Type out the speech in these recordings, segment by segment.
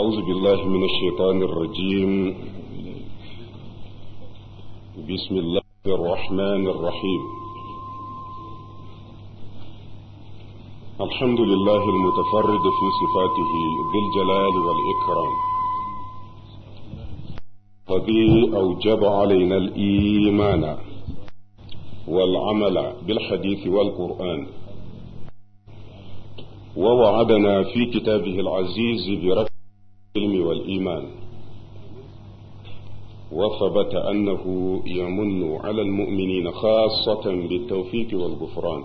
أعوذ بالله من الشيطان الرجيم بسم الله الرحمن الرحيم الحمد لله المتفرد في صفاته بالجلال والإكرام وبه أوجب علينا الإيمان والعمل بالحديث والقرآن ووعدنا في كتابه العزيز بركة الإيمان وثبت أنه يمن على المؤمنين خاصة بالتوفيق والغفران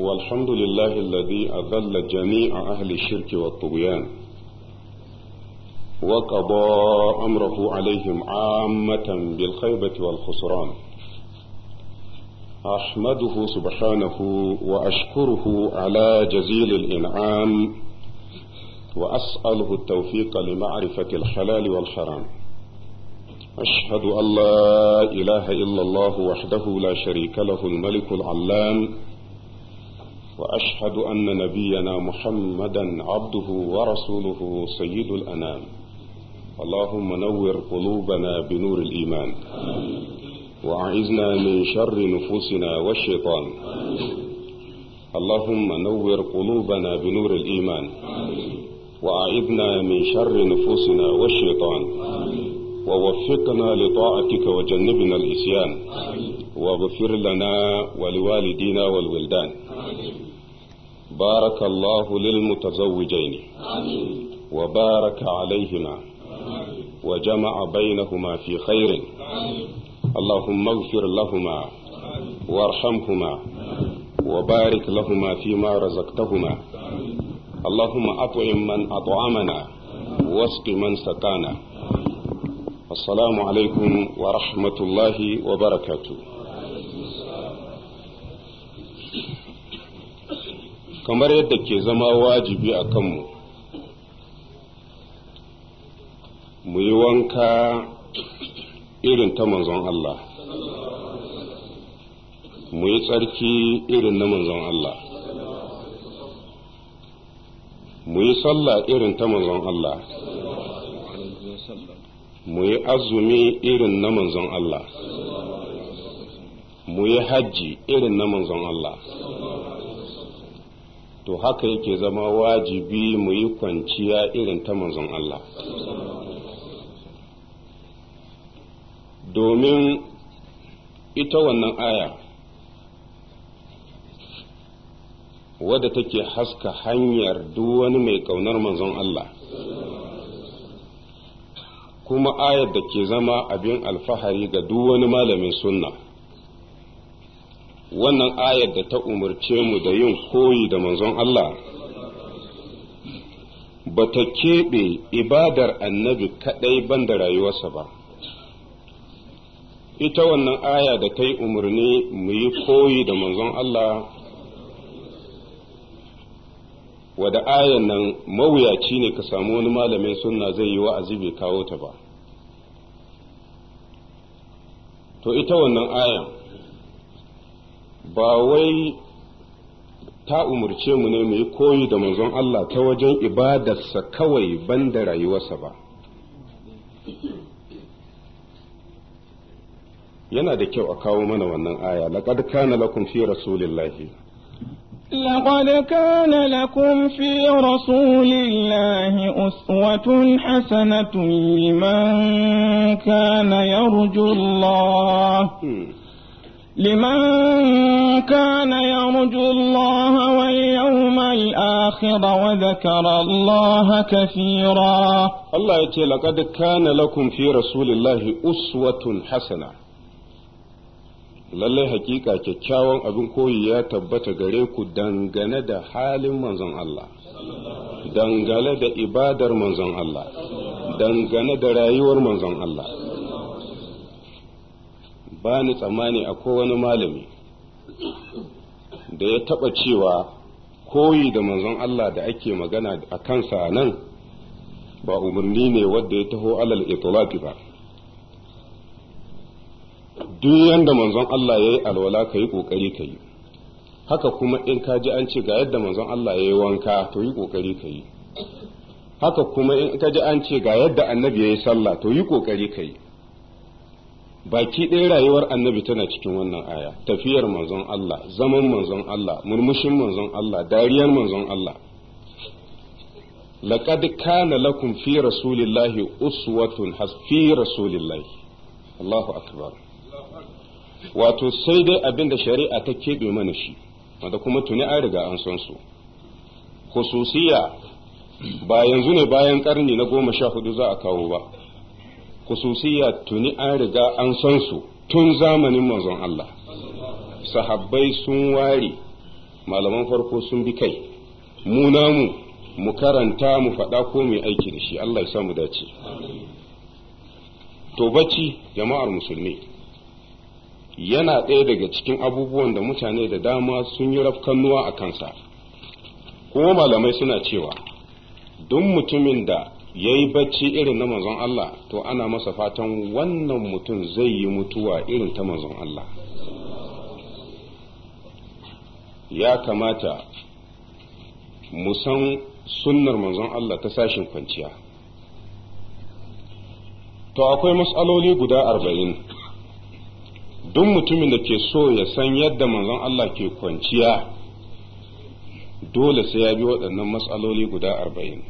والحمد لله الذي أذل جميع أهل الشرك والطغيان وقضى أمره عليهم عامة بالخيبة والخسران أحمده سبحانه وأشكره على جزيل الإنعام وأسأله التوفيق لمعرفة الحلال والحرام أشهد أن لا إله إلا الله وحده لا شريك له الملك العلام وأشهد أن نبينا محمدا عبده ورسوله سيد الأنام اللهم نور قلوبنا بنور الإيمان وأعذنا من شر نفوسنا والشيطان اللهم نور قلوبنا بنور الإيمان وأعذنا من شر نفوسنا والشيطان ووفقنا لطاعتك وجنبنا الإسيان واغفر لنا ولوالدينا والولدان بارك الله للمتزوجين وبارك عليهما وجمع بينهما في خير اللهم اغفر لهما وارحمهما وبارك لهما فيما رزقتهما اللهم أطعم من أطعمنا واسق من سقانا السلام عليكم ورحمة الله وبركاته kamar yadda ke zama wajibi a kanmu mu yi wanka irin ta manzon Allah mu yi tsarki irin na manzon Allah mu yi sallah irin ta manzon Allah mu yi azumi irin na manzon Allah mu yi hajji irin na manzon Allah to haka yake zama wajibi mu yi kwanciya irin ta manzon Allah domin ita wannan aya wadda take haska hanyar duk wani mai kaunar manzon Allah kuma ayar da ke zama abin alfahari ga duk wani malamin sunna wannan ayar da ta umarce mu da yin koyi da manzon Allah ba ta keɓe ibadar annabi kaɗai banda rayuwarsa ba ita wannan aya da ta yi umarni mu yi koyi da manzon Allah wada ayan nan mawuyaci ne ka samu wani malamin sunna zai yi wa'azi bai kawo ta ba to ita wannan ayan ba wai ta umarce mu ne mu yi koyi da manzon Allah ta wajen ibadarsa kawai banda rayuwarsa ba yana da kyau a kawo mana wannan aya laqad kana lakum fi rasulillahi لقد كان لكم في رسول الله أسوة حسنة لمن كان يرجو الله لمن كان يرجو الله واليوم الآخر وذكر الله كثيرا الله يتي لقد كان لكم في رسول الله أسوة حسنة lallai hakika kyakkyawan abin koyi ya tabbata gare ku dangane da halin manzon Allah dangane da ibadar manzon Allah dangane da rayuwar manzon Allah ba ni tsammani a wani malami da ya taba cewa koyi da manzon Allah da ake magana a kansa nan ba umarni ne wadda ya taho alal itlaqi ba duk yanda manzon Allah ya yi alwala ka yi ƙoƙari ka yi haka kuma in ka ji an ce ga yadda manzon Allah ya yi wanka to yi ƙoƙari ka yi haka kuma in ka ji an ce ga yadda annabi ya yi sallah to yi ƙoƙari ka yi baki ɗaya rayuwar annabi tana cikin wannan aya tafiyar manzon Allah zaman manzon Allah murmushin manzon Allah dariyar manzon Allah laqad kana lakum fi rasulillahi uswatun hasfi fi rasulillahi Allahu akbar wato sai dai abin da shari'a ta keɓe mana shi wanda kuma tuni an riga an san su khususiya ba yanzu ne bayan karni na goma sha hudu za a kawo ba khususiya tuni an riga an san su tun zamanin manzon Allah sahabbai sun ware malaman farko sun bi kai mu namu mu karanta mu faɗa ko mai aiki da shi Allah ya sa mu dace to bacci jama'ar musulmi yana ɗaya daga cikin abubuwan da mutane da dama sun yi rafkannuwa a kansa kuma malamai suna cewa duk mutumin da ya yi bacci irin na manzon Allah to ana masa fatan wannan mutum zai yi mutuwa irin ta manzon Allah ya kamata mu san sunnar manzon Allah ta sashin kwanciya to akwai matsaloli guda arba'in duk mutumin da ke so ya san yadda manzon Allah ke kwanciya dole sai ya bi waɗannan matsaloli guda arba'in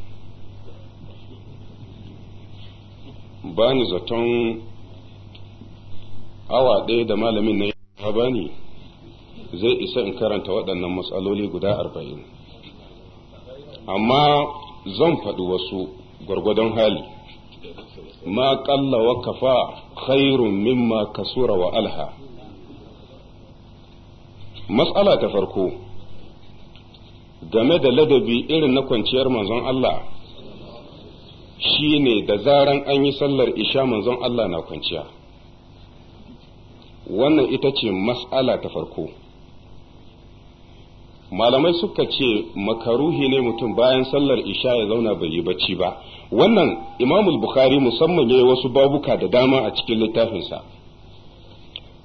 ba ni zaton awa ɗaya da malamin na yawa ba ni zai isa in karanta waɗannan matsaloli guda arba'in amma zan faɗi wasu gwargwadon hali ma qalla wa kafa khairun mimma kasura wa alha mas'ala ta farko game da ladabi irin na kwanciyar manzon Allah shine da zaran an yi sallar isha manzon Allah na kwanciya wannan ita ce mas'ala ta farko malamai suka ce makaruhi ne mutum bayan sallar isha ya zauna bai yi bacci ba wannan imamul bukhari musamman ya yi wasu babuka da dama a cikin littafinsa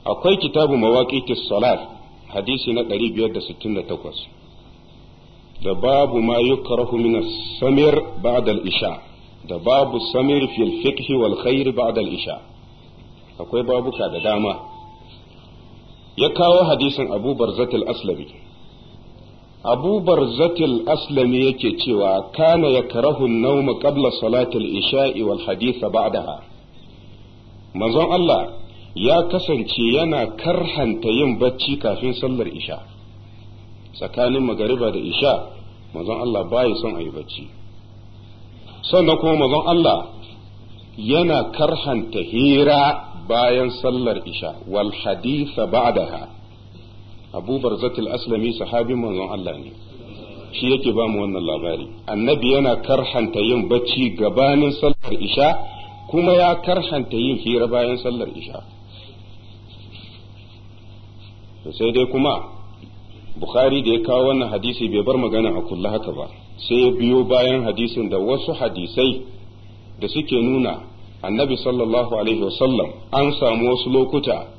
akwai kitabu mawaƙitis salat hadisi na 568 da babu ma yukrahu min samir ba'da isha da babu samir fil fiqh wal khair isha akwai babuka da dama ya kawo hadisin abu barzatul aslabi abu barzatil aslami yake cewa kana ya karahun nauma qabla salatil isha'i wal haditha ba'daha manzon Allah ya kasance yana karhanta yin bacci kafin sallar isha tsakanin magariba da isha manzon Allah bai son a yi bacci sannan kuma manzon Allah yana karhanta hira bayan sallar isha wal haditha ba'daha Abu Barzat aslami sahabin manzon Allah ne shi yake ba mu wannan labari annabi yana karhanta yin bacci gabanin sallar isha kuma ya karhanta yin hira bayan sallar isha sai dai kuma bukhari da ya kawo wannan hadisi bai bar magana a kulla haka ba sai ya biyo bayan hadisin da wasu hadisai da suke nuna annabi sallallahu alaihi wasallam an samu wasu lokuta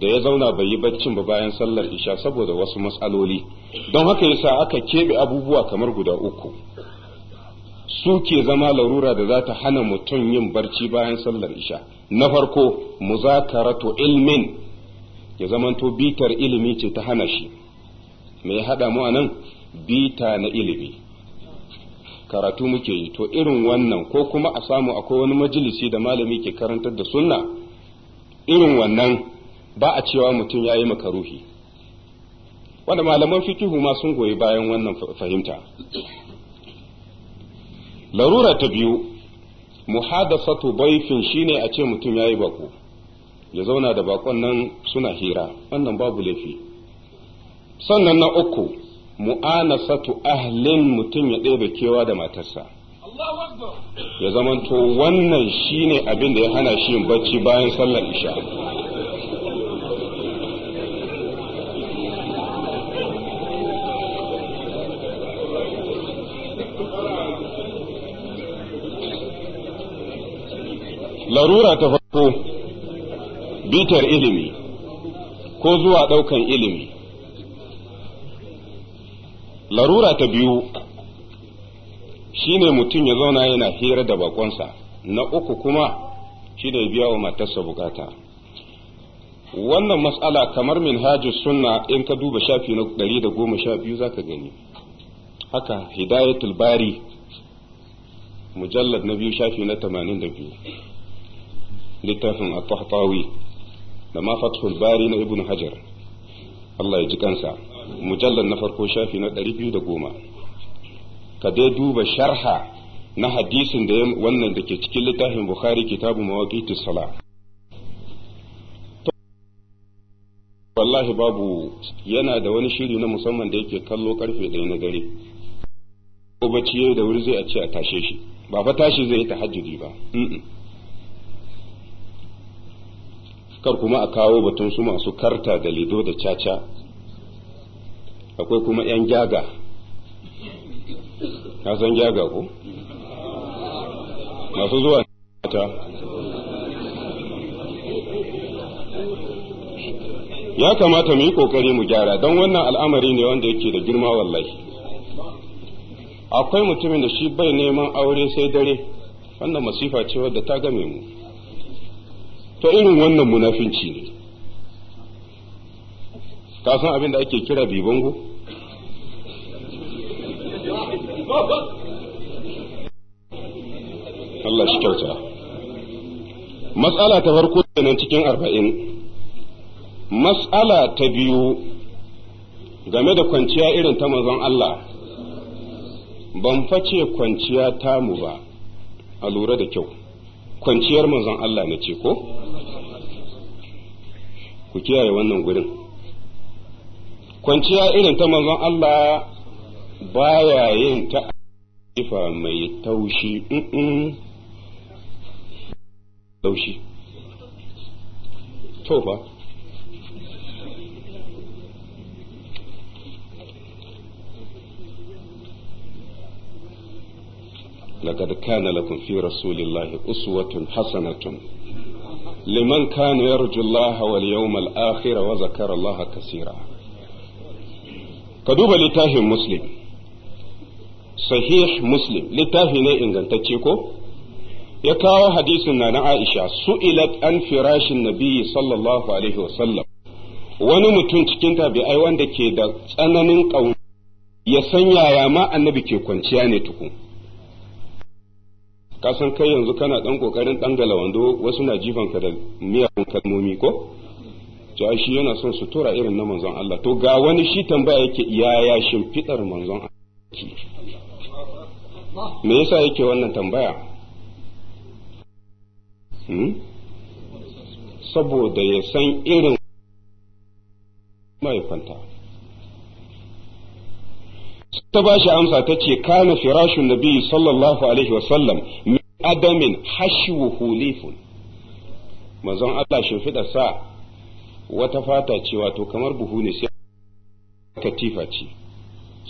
da ya zauna bai yi baccin ba bayan sallar isha saboda wasu matsaloli don haka yasa aka keɓe abubuwa kamar guda uku su ke zama larura da za ta hana mutum yin barci bayan sallar isha na farko mu muzakaratu ilmin ya zamanto bitar ilimi ce ta hana shi mai ya haɗa mu a nan bita na ilimi karatu muke yi to irin wannan ko kuma a samu akwai wani majalisi da malami ke karantar da sunna irin wannan ba a cewa mutum ya yi makaruhi wanda malaman fikihu ma sun goyi bayan wannan fahimta larura ta biyu muhadasatu baifin shine a ce mutum ya yi bako ya zauna da bakon nan suna hira wannan babu laifi sannan na uku mu'anasatu ahlin mutum ya ɗebe kewa da matarsa ya zamanto wannan shine abin da ya hana shi yin bacci bayan sallar isha larura ta farko bitar ilimi ko zuwa ɗaukan ilimi larura ta biyu shine mutum ya zauna yana hira da bakonsa na uku kuma shi da biya wa matarsa bukata wannan matsala kamar minhajus sunna in ka duba shafi na 112 za ka gani haka hidayatul bari mujallad na biyu shafi na biyu. littafin at-tahtawi da ma fathul bari na ibnu hajar Allah ya ji kansa mujallar na farko shafi na 210 ka dai duba sharha na hadisin da wannan da ke cikin littafin bukhari kitabu mawaqitis sala wallahi babu yana da wani shiri na musamman da yake kallo karfe ɗaya na dare ko bacci da wuri zai a ce a tashe shi ba fa tashi zai yi tahajjudi ba kar kuma a kawo batun su masu karta da lido da caca akwai kuma 'yan gyaga na san gyaga ku masu zuwa ta ya kamata mu yi kokari mu gyara don wannan al'amari ne wanda yake da girma wallahi akwai mutumin da shi bai neman aure sai dare wannan masifa ce wadda ta game mu ta irin wannan munafinci ne ka san abin da ake kira bibango Allah shi kyauta matsala ta farko nan cikin arba'in matsala ta biyu game da kwanciya irin ta mazan Allah ban face kwanciya tamu ba a lura da kyau kwanciyar manzon Allah na ce ko ku kiyaye wannan gurin kwanciya irin ta manzon Allah baya yin ta ifa mai taushi taushi to لقد كان لكم في رسول الله أسوة حسنة لمن كان يرجو الله واليوم الآخر وذكر الله كثيرا كدوب لتاه مسلم صحيح مسلم لتاه نئن تتشيكو يكاو حديث عن عائشة سئلت عن فراش النبي صلى الله عليه وسلم wani mutum cikin tabi'ai wanda ke da tsananin ƙauna ya san yaya ma annabi ke kwanciya ne tukun ka san kai yanzu kana dan kokarin dan wando wasu na jifan ka da miyakun kalmomi ko to shi yana son su tura irin na manzon Allah to ga wani shi tambaya yake yaya shimfidar manzon Allah me yasa yake wannan tambaya hmm? saboda ya san irin fanta ta ba shi amsa ta ce kana firashun nabi sallallahu alaihi wasallam min adamin hashwuhu lifun manzon Allah shimfiɗa sa wata fata ce wato kamar buhu ne sai katifa ce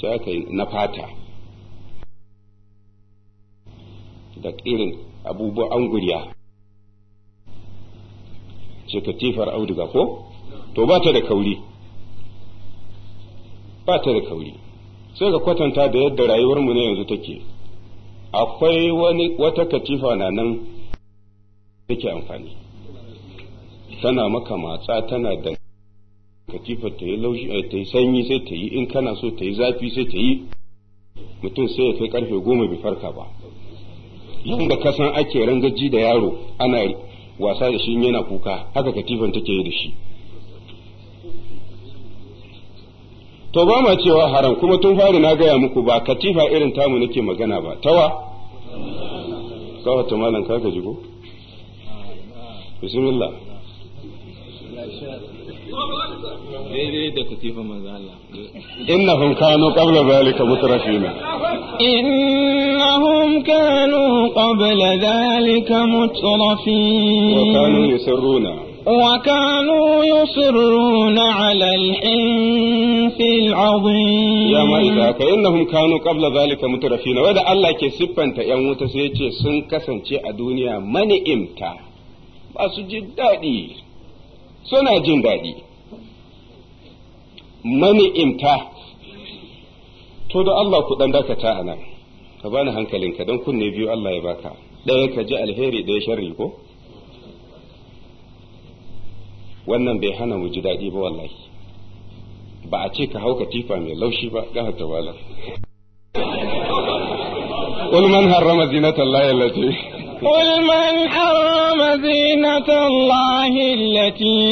sai aka yi na fata da irin abubuwan anguriya ce katifar auduga ko to ba ta da kauri ba ta da kauri sai ga kwatanta da yadda rayuwar mu na yanzu take akwai wani wata katifa na nan take amfani tana maka matsa tana da katifa ta yi eh, ta yi sanyi sai ta yi in kana so ta yi zafi sai ta yi mutum sai ya kai karfe goma bai farka ba yadda kasan ake rangaji da yaro ana wasa da shi yana kuka haka katifan take yi da shi to ba ma cewa haram kuma tun fari na gaya muku ba katifa irin tamu nake magana ba tawa kawo ta malam kaka jigo bismillah daidai da katifa manzo Allah innahum kanu qabla zalika mutrafina innahum kanu qabla zalika mutrafina wa kanu yusirruna وكانوا يصرون على الحنث العظيم يا مريضا كأنهم كانوا قبل ذلك مترفين وإذا الله كي سبنت يموت سيتي سنكسن شيء الدنيا من إمتا بس جدادي سنة جدادي من إمتا to da Allah ku dan dakata a nan كن نبيو الله يباكا kunne biyu Allah ya baka ɗaya wannan bai hana mu ji daɗi ba wallahi ba a ce ka hauka tifa mai laushi ba ga ta wala قل من حرم زينة الله التي قل من حرم زينة الله التي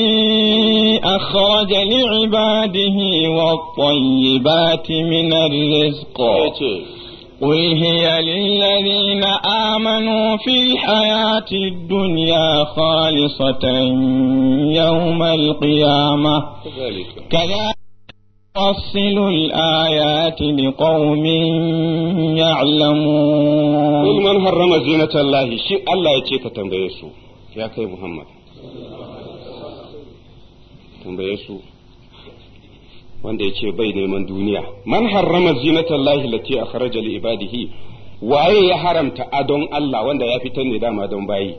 أخرج لعباده والطيبات من الرزق قل هي للذين آمنوا في الحياة الدنيا خالصة يوم القيامة كذلك نفصل الآيات لقوم يعلمون قل من هرم زينة الله شيء الله يتيك تنبيسو يا كي محمد تنبيسو wanda ya ce bai neman duniya man harrama zinatallahi lati akhraja li ibadihi waye ya haramta adon Allah wanda ya fitar ne dama don bayi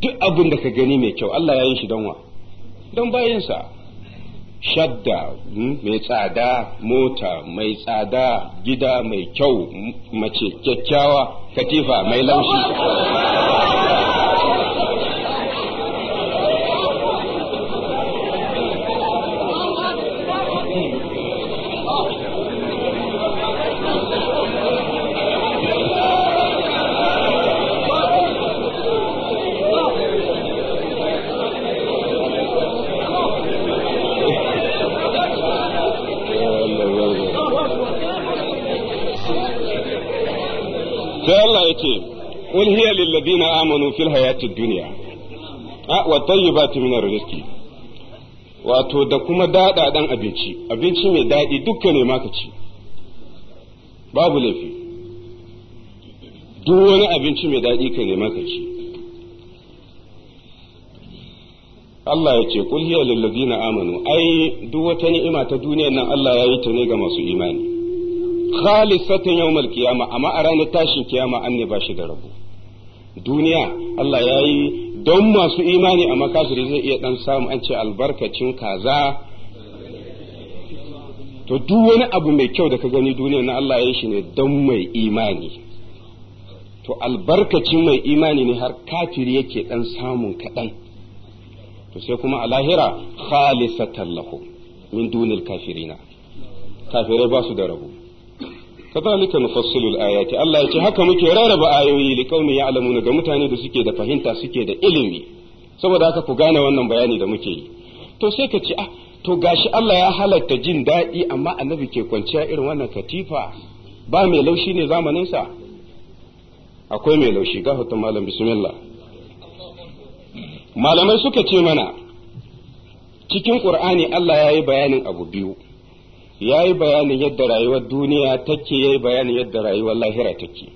duk abin da ka gani mai kyau Allah ya yi shi don wa don bayinsa shadda hmm, mai tsada mota mai tsada gida mai kyau mace kyakkyawa katifa mai laushi alladina amanu fil hayatid dunya a wa tayyibati wato da kuma dada dan abinci abinci mai daɗi dukkan ne maka ci babu laifi duk wani abinci mai dadi ka nema ka ci Allah ya ce kul hiya lil amanu ai duk wata ni'ima ta duniyar nan Allah ya yi ta ne ga masu imani khalisatan yawmal qiyama amma a ranar tashin kiyama an ne ba shi da rabu duniya Allah ya yi don masu imani a makasiri zai iya dan samu an ce albarkacin kaza to duk wani abu mai kyau da ka gani duniya na Allah ya yi shi ne don mai imani to albarkacin mai imani ne har kafiri yake dan samun kaɗan to sai kuma a lahira khalisatan lahum min dunil kafirina kafirai ba su da rabu kadhalika nufassilu al-ayati Allah ya ce haka muke rarraba ayoyi li alamu ya'lamuna ga mutane da suke da fahimta suke da ilimi saboda haka ku gane wannan bayani da muke yi to sai ka ce ah to gashi Allah ya halatta jin daɗi amma annabi ke kwanciya irin wannan katifa ba mai laushi ne zamaninsa akwai mai laushi ga malam bismillah malamai suka ce mana cikin ƙur'ani Allah ya yi bayanin abu biyu ya yi bayanin yadda rayuwar duniya take ya yi bayanin yadda rayuwar lahira take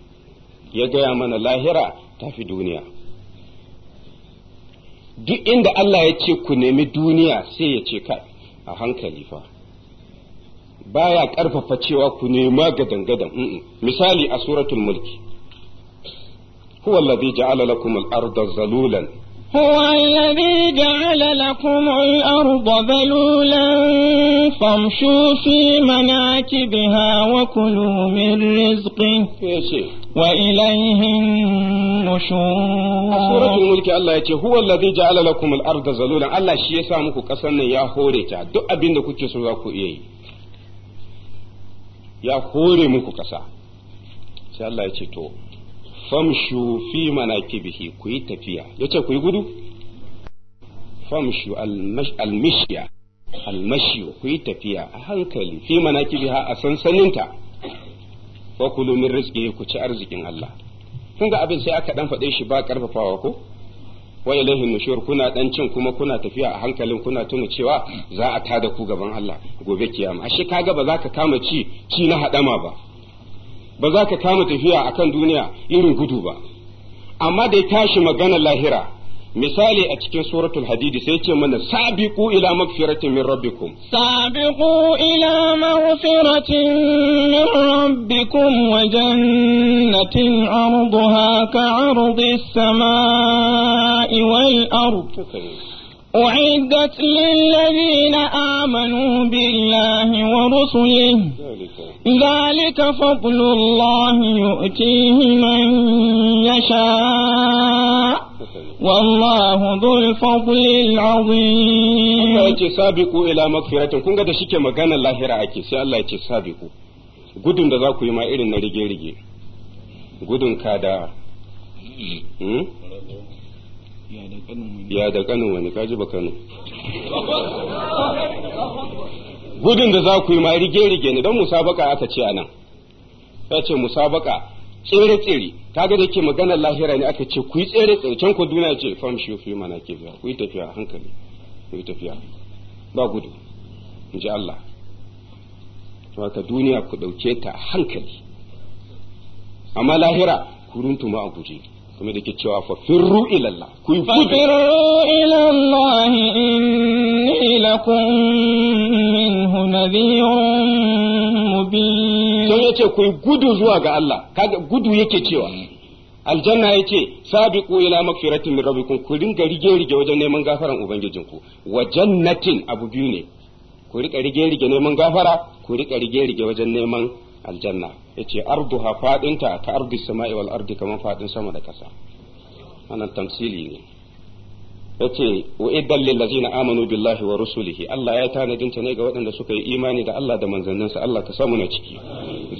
ya gaya mana lahira ta fi duniya duk inda Allah ya ce ku nemi duniya sai ya ce ka a hankali fa baya karfafa cewa ku nema gadan-gadan misali a suratul mulki huwa ja'ala lakum al-ardha zalulan هو الذي جعل لكم الأرض بلولا فامشوا في مناكبها وكلوا من رزقه وإليه النشور سورة الملك الله يتي هو الذي جعل لكم الأرض زلولا الله شيء سامك قسنا يا هوريتا duk abin da kuke so za ku iya yi ya hore الله ƙasa sai famshu fi manakibihi ku yi tafiya ce ku yi gudu famshu almishya almashiyo ku yi tafiya a hankali fi manakibiha a sansaninta ko kulu min rizqihi ku ci arzikin Allah kun ga abin sai aka dan faɗe shi ba karfafawa ko wa ilaihi nushur kuna dan cin kuma kuna tafiya a hankalin kuna tuna cewa za a tada ku gaban Allah gobe kiyama ashe kaga ba za ka kama ci ci na hadama ba ba za ka kama tafiya akan duniya irin gudu ba amma da ya tashi magana lahira misali a cikin suratul hadidi sai ce mana sabiqu ila magfiratin min rabbikum sabiqu ila magfiratin min rabbikum wa jannatin arduha ka ardi samai wal ard أعدت للذين آمنوا بالله ورسله ذلك فضل الله يؤتيه من يشاء والله ذو الفضل العظيم الله يجي سابقوا إلى مغفرة قد شكي مغانا الله رأيكي سي الله يجي سابقوا قدن دذاكو يما ku رجي رجي قدن كادا rige ya da kanin wani kaji ba kano gudun da za ku yi ma rige-rige ne don musabaka aka ce a nan ya ce musabaka tsere-tsere ta ga da ke magana lahira ne aka ce ku yi tsere-tsere can ku duniya ce fam shi fi mana ke biya ku yi tafiya hankali ku yi tafiya ba gudu in ji Allah wata duniya ku ɗauke ta hankali amma lahira ku runtuma a guje kuma da ke cewa fa firru ilallah ku yi gudu firru ilallah inni lakum minhu nadhirun mubin sai yace ku gudu zuwa ga Allah kaga gudu yake cewa aljanna yace sabiqu ila magfiratin min rabbikum ku dinga rige rige wajen neman gafaran ubangijinku wa jannatin abu biyu ne ku rika rige rige neman gafara ku rika rige rige wajen neman aljanna yace arduha fadinta ka ardi sama'i wal ardi kaman fadin sama da kasa wannan tamsili ne yace wa iddal lil ladzina amanu billahi wa rusulihi Allah ya tanadin ta ne ga waɗanda suka yi imani da Allah da manzanninsa Allah ka samu na ciki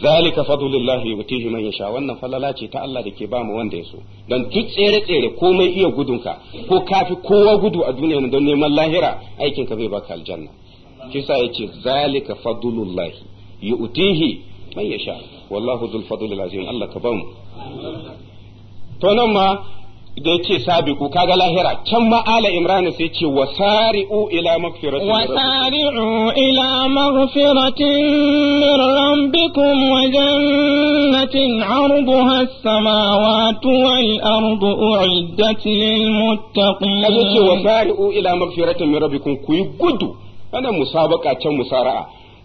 zalika fadlullahi yutihi man yasha wannan falala ce ta Allah da ke ba mu wanda ya so dan duk tsere tsere komai iya gudunka ko kafi kowa gudu a duniya don neman lahira aikin ka zai baka aljanna kisa yace zalika fadlullahi yutihi man yasha wallahu dhul fadlil azim Allah ka bamu to nan ma da yace sabiqu kaga lahira can ma ala imran sai yace wasari'u ila maghfiratin wasari'u ila maghfiratin min rabbikum wa jannatin 'arduha as-samawati wal ardu u'iddat lil muttaqin yace wasari'u ila maghfiratin min rabbikum ku gudu wannan musabaka can musara'a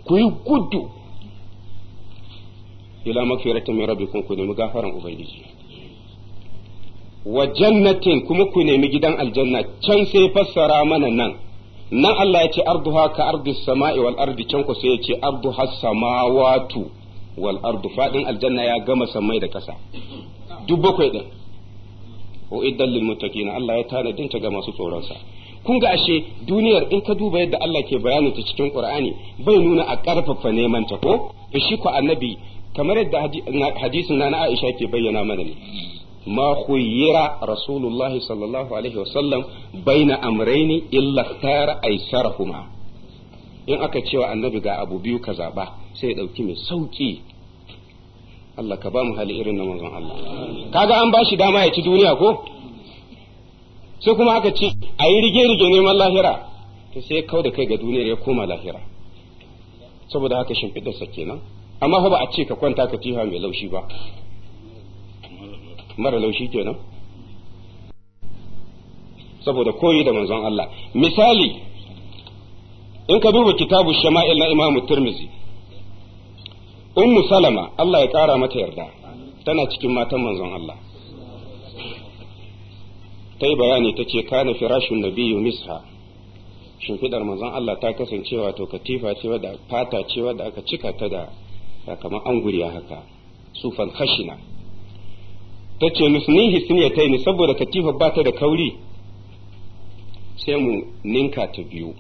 ku yi gudu ila magfirati min rabbikum ku nemi gafaran ubangiji wa jannatin kuma ku nemi gidan aljanna can sai fassara mana nan nan Allah ya ce ardu haka ardu sama'i wal ardi can ku sai ya ce arduha samawatu wal ardu fadin aljanna ya gama samai da kasa duk bakwai din wa iddan lil muttaqin Allah ya tana ta ga masu tsoron sa kun ga ashe duniyar in ka duba yadda Allah ke bayanin ta cikin Qur'ani bai nuna a karfafa neman ta ko shi ko annabi kamar yadda hadisin na Aisha ke bayyana mana ne ma khuyira rasulullah sallallahu alaihi wasallam baina amraini illa tara aisarahuma in aka cewa annabi ga abu biyu ka zaba sai ya dauki mai sauki Allah ka ba mu hali irin na manzon Allah kaga an bashi dama ya ci duniya ko sai kuma aka ce a yi rige-rige neman lahira to sai kau da kai ga duniyar ya koma lahira saboda haka shimfiɗarsa kenan amma fa ba a ce ka kwanta ka mai laushi ba mara laushi kenan saboda koyi da manzon Allah misali in ka duba kitabu shama'il na imamu turmizi ummu salama Allah ya kara mata yarda tana cikin matan manzon Allah ta yi bayani ta ce kana firashin biyu misha shimfidar manzon Allah ta kasancewa to katifa ce wadda fata ce wadda aka cika ta da kamar an guriya haka sufan khashina ta ce nusnihi siniyataini saboda katifa ba ta da kauri sai mu ninka ta biyu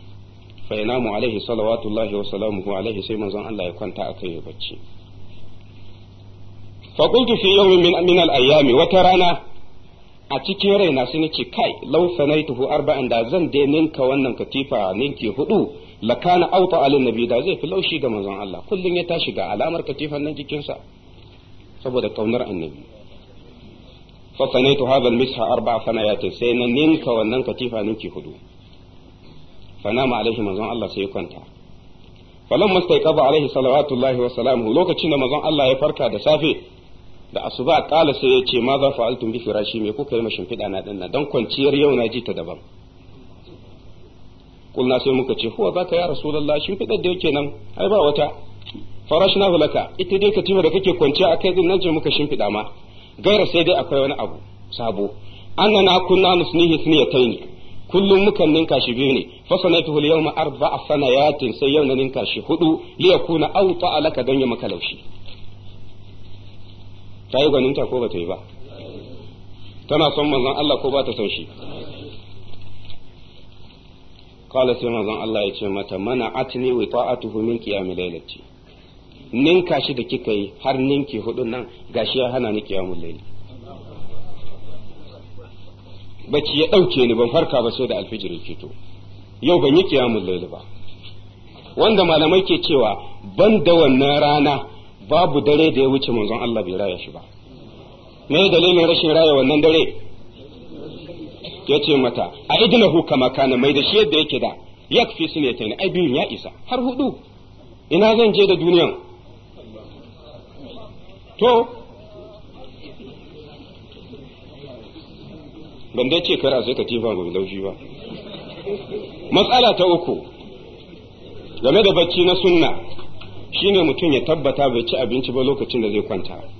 fa mu alaihi salawatullahi wa salamuhu alaihi sai manzon Allah ya kwanta akai ya bacci fa qultu fi yawmin min min wata rana a cikin raina sun nace kai law sanaituhu arba'in da zan dai ninka wannan katifa ninki hudu lakana auta alin nabi da zai fi laushi ga manzon Allah kullum ya tashi ga alamar katifan nan jikinsa saboda kaunar annabi fa sanaitu hadha almisha arba'a sanayatin sai na ninka wannan katifa ninki hudu fa nama alaihi manzon Allah sai ya kwanta falamma staiqaba alaihi salawatullahi wa salamuhu lokacin da manzon Allah ya farka da safe da asuba kala sai ya ce ma za fa'altum bi firashi me kuka yi mashin fida na dinnan dan kwanciyar yau na ji ta daban kulna sai muka ce huwa zaka ya rasulullah shi fidar da yake nan ai ba wata farashna laka ita dai katifa da kake kwanciya akai din nan ce muka shimfida ma gaira sai dai akwai wani abu sabo annana kunna nusnihi sniyataini kullum mukan ninka shi biyu ne fasanatuhu al-yawma arba'a sanayatin sai yau na ninka shi hudu li yakuna awta alaka dan ya maka laushi ta yi gwaninta ko ba ta yi ba tana son manzon Allah ko ba ta son shi qala sai manzon Allah ya ce mata mana atni wa ta'atuhu min qiyam lailati ninka shi da kika yi har ninki hudun nan gashi ya hana ni qiyamul layl bacci ya dauke ni ban farka ba sai da alfijir ya fito yau ban yi qiyamul layl ba wanda malamai ke cewa ban da wannan rana babu dare da ya wuce manzon Allah bai raya shi ba me dalilin rashin raya wannan dare ya ce mata a hu kama kana mai da shi yadda yake da fi su ne tani ai biyun ya isa har hudu ina zan je da duniyan to ban dai ce kara sai ka tifa mai laushi ba matsala ta uku game da bacci na sunna shine mutum ya tabbata bai ci abinci ba lokacin da zai kwanta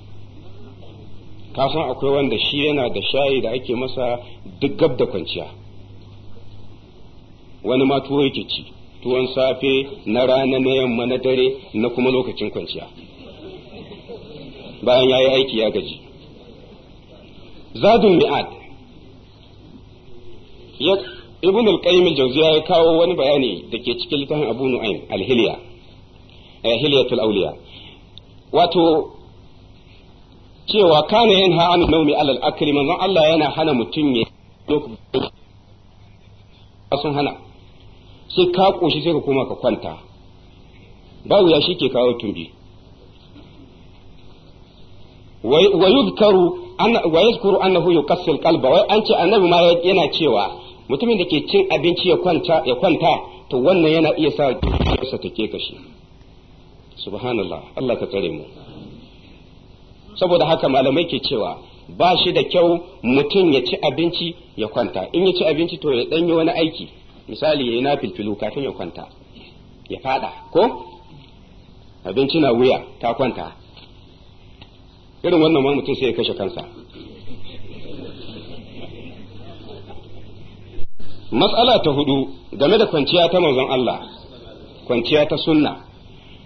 ka san akwai wanda shi yana da shayi da ake masa duk gab da kwanciya wani ma tuwo yake ci tuwon safe na rana na yamma na dare na kuma lokacin kwanciya bayan ya yi aiki ya gaji zadun mi'ad ibn al-qayyim al-jawziya ya kawo wani bayani da ke cikin littafin abu nu'aym al-hilya al-hilyatul eh, awliya wato cewa kana yin ha'an naumi alal akali manzon Allah yana hana mutum ya sun hana sai ka koshi sai ka koma ka kwanta babu ya ke kawo tumbi wa yuzkaru wa yuzkuru annahu yuqassil qalba wai an ce annabi ma yana cewa mutumin da ke cin abinci ya kwanta ya kwanta to wannan yana iya sa ya ta kashi subhanallah Allah ka tsare mu saboda haka malamai ke cewa ba shi da kyau mutum ya ci abinci ya kwanta in ya ci abinci to ya yi wani aiki misali ya yi na filfilu kafin ya kwanta ya fada ko abinci na wuya ta kwanta irin wannan ma mutum sai ya kashe kansa matsala ta hudu game da kwanciya ta manzon Allah kwanciya ta sunna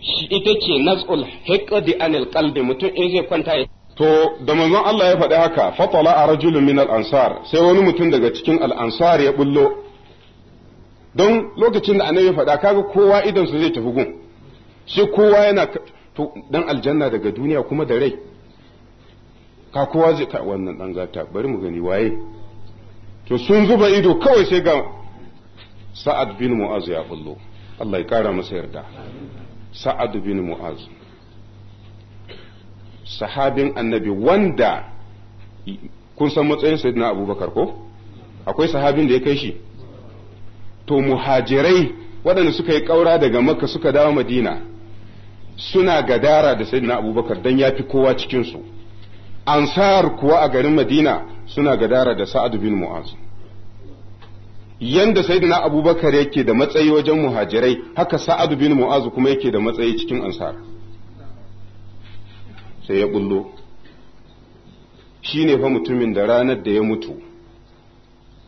Shi ita ce naz'ul hiqdi anil qalbi mutum in zai kwanta to da manzon Allah ya faɗi haka fatala a rajulun min al-ansar sai wani mutum daga cikin al-ansar ya bullo don lokacin da annabi ya faɗa kaga kowa idan su zai tafi gun sai kowa yana to dan aljanna daga duniya kuma da rai ka kowa zai ka wannan dan gata bari mu gani waye to sun zuba ido kawai sai ga sa'ad bin mu'az ya bullo Allah ya kara masa yarda sa'ad bin mu'az sahabin annabi wanda kun san matsayin sayyidina abubakar ko akwai sahabin da ya kai shi to muhajirai waɗanda suka yi ƙaura daga makka suka dawo madina suna gadara da sayyidina abubakar don ya fi kowa cikinsu ansar kuwa a garin madina suna gadara da sa'ad bin mu'az yanda sayyidina abubakar yake da matsayi wajen muhajirai haka sa'ad bin mu'azu kuma yake da matsayi cikin ansar sai ya bullo shine fa mutumin da ranar da ya mutu